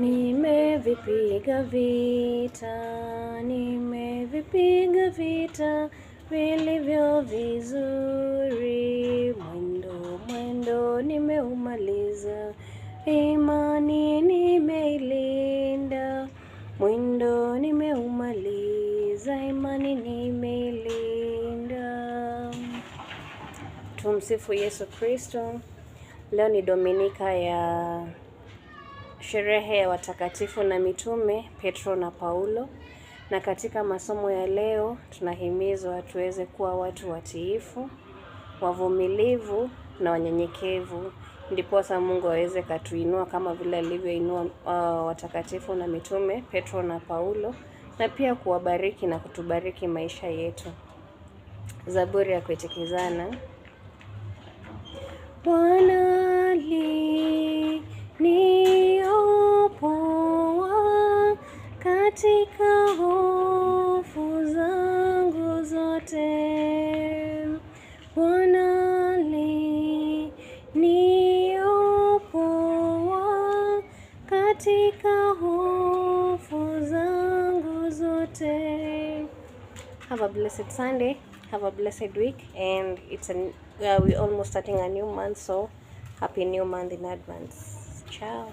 Nimevipiga vita, nimevipiga vita vilivyo vizuri, mwendo mwendo nimeumaliza, imani nimeilinda, mwendo nimeumaliza, imani nimeilinda. Tumsifu Yesu Kristo. Leo ni Dominika ya sherehe ya watakatifu na mitume Petro na Paulo. Na katika masomo ya leo tunahimizwa tuweze kuwa watu watiifu, wavumilivu na wanyenyekevu, ndiposa Mungu aweze katuinua kama vile alivyoinua uh, watakatifu na mitume Petro na Paulo, na pia kuwabariki na kutubariki maisha yetu. Zaburi ya kuitikizana Bwana katika hofu zangu zote, Bwana niokoa katika hofu zangu zote. Have a blessed Sunday, have a blessed week and it's an, uh, we almost starting a new month so happy new month in advance. Ciao.